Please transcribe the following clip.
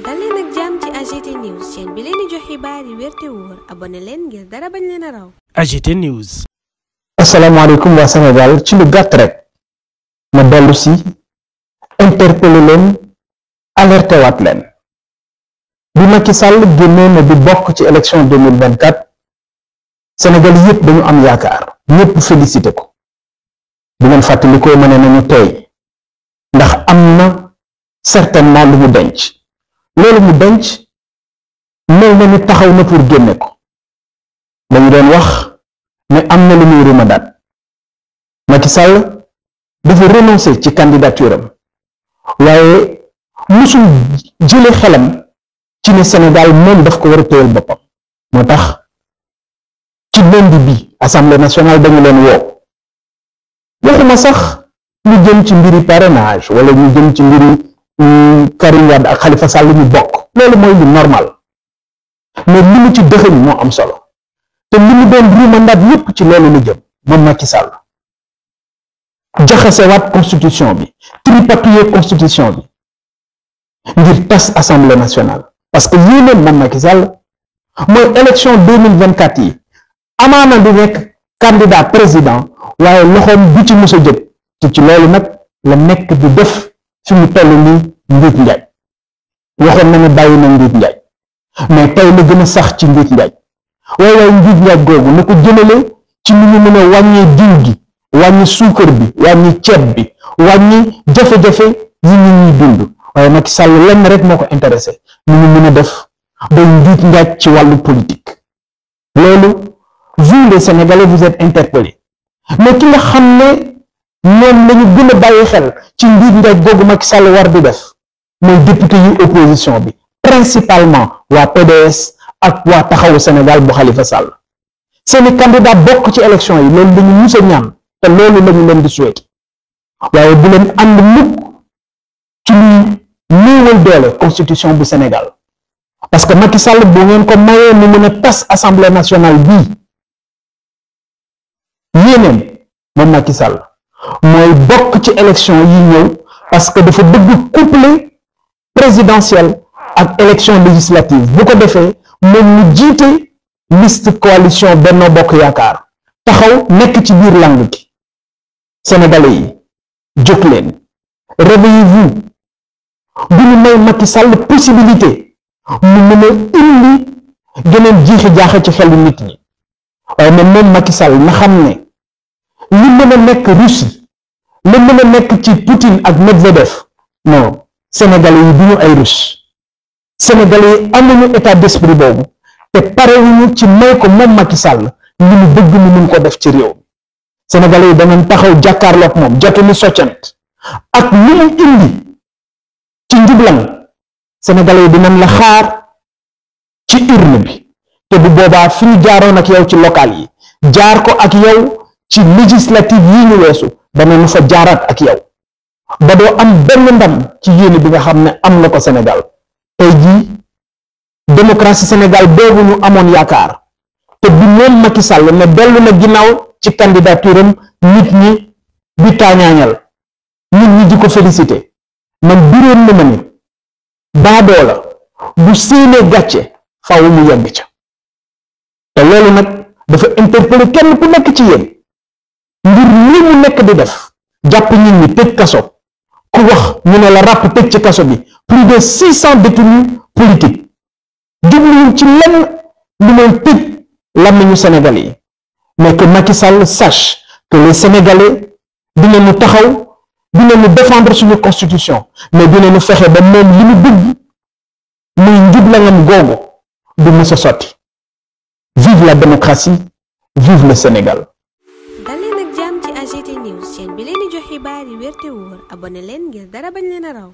dal leen ak jàmm ci AGT News chaîne ci lu gàtt rek ma dellu si interpellé leen alerté waat leen sàll Macky Sall génnee na di bokk ci élection 2024 Sénégal yépp dañu am yaakaar ñépp félicité ko bu ngeen fàttalikoo ma ne nañu tey ndax am na certainement lu mu denc. loolu mu denc mel na ni taxaw na pour génne ko dañu doon wax ne am na lu muy remadaat Macky Sall dafa renoncer ci candidature am waaye musul jële xelam ci ne Sénégal moom daf ko war a téyal boppam moo tax ci lundi bi assemblée nationale dañu leen woo waxuma sax ñu jëm ci mbiri parrainage wala ñu jëm ci mbiri Karim Wade ak Khalifa Sall ñu bokk loolu mooy lu normal mais li mu ci dëxëñ moo am solo te li mu doon ru mandat yépp ci loolu la jëm moom Macky Sall jaxasewaat constitution bi tripatouiller constitution bi ngir tas assemblée nationale parce que yéeneen moom Macky Sall mooy élection yi amaana di nekk candidat président waaye loxoom du ci mos a jëm te ci loolu nag la nekk di def fi mu toll nii njuuj njaaj waxoon na ne bàyyi na njuuj njaaj mais tey na gën a sax ci njuuj njaaj waaye waaye njuuj njaaj googu na ko jëmale ci lu ñu mën wàññee diw gi wàññi suukar bi wàññi ceeb bi wàññi jafe-jafe yi ñu ñuy dund waaye Macky Sall lenn rek moo ko intéressé lu ñu mën def ba njuuj njaaj ci wàllu politique loolu vous les Sénégalais vous êtes interpellés mais ki nga xam ne moom la ñu gën a bàyyi xel ci njuuj njaaj googu Macky sàll war di def mooy député yu opposition bi principalement waa PDS ak waa taxawu Sénégal bu Khalifa Sall seeni candidat bokk ci élection yi loolu la ñu mus a ñaan te loolu la leen di souhaité waaye bu leen ànd mukk ci luy néewal doole constitution bu Sénégal parce que Macky Sall bu ngeen ko mayee mu mën a tas assemblée nationale bii yéeneen moom Macky Sall mooy bokk ci élection yi ñëw parce dafa bëgg coupler présidentielle ak élection législative bu ko defee moom mu jiite liste coalition Benno Bokk Yaakaar taxaw nekk ci biir langue gi sénégalais yi jóg leen réveillez-vous bu may Macky Sall possibilité mu mën a indi geneen jiixi jaaxe ci xelu nit yi waaye mais moom Macky Sall na xam ne li mën a nekk Russie li mën a nekk ci Poutine ak Medvedev non Sénégalais yi du ñu ay rus Sénégalais yi amuñu état d'esprit boobu te parewuñu ci may ko moom Macky Sall li mu bëgg mu mun ko def ci réew mi yi da ngeen taxaw jàkkaarloog moom jotuñu soccant ak lu mu indi ci njublam Sénégalais yi dinañ la xaar ci urne bi te bu boobaa fi ñu jaaroon ak yow ci local yi jaar ko ak yow ci législative yi ñu weesu danañu fa jaaraat ak yow. ba doo am benn ndam ci yéene bi nga xam ne am na ko Sénégal tey jii démocratie Sénégal boobu ñu amoon yaakaar te bi moom Macky Sall ne dellu na ginnaaw ci candidature am nit ñi di taañaañal nit ñi di ko félicité man biroon na ma ni baadoo la bu séenee gàcce faaw mu yegg ca te loolu nag dafa interpellé kenn ku nekk ci yéen ngir li mu nekk di def jàpp nit ñi tëj kaso ku wax ñu ne la ràpp tëj ci kaso bi plus de six cent détenus politiques jubluwuñ ci lenn lu mooy tëj làmmiñu Sénégalais yi mais que Macky Sall sache que les Sénégalais dinañu taxaw dinañu défendre suñu constitution mais dinañu fexe ba moom li mu bëgg muy njub la ngam googu du mës a sotti vive la démocratie vive le Sénégal. dal leen ak jàmm xibaar yi wér te wóor abonné leen ngir dara bañ leen a raw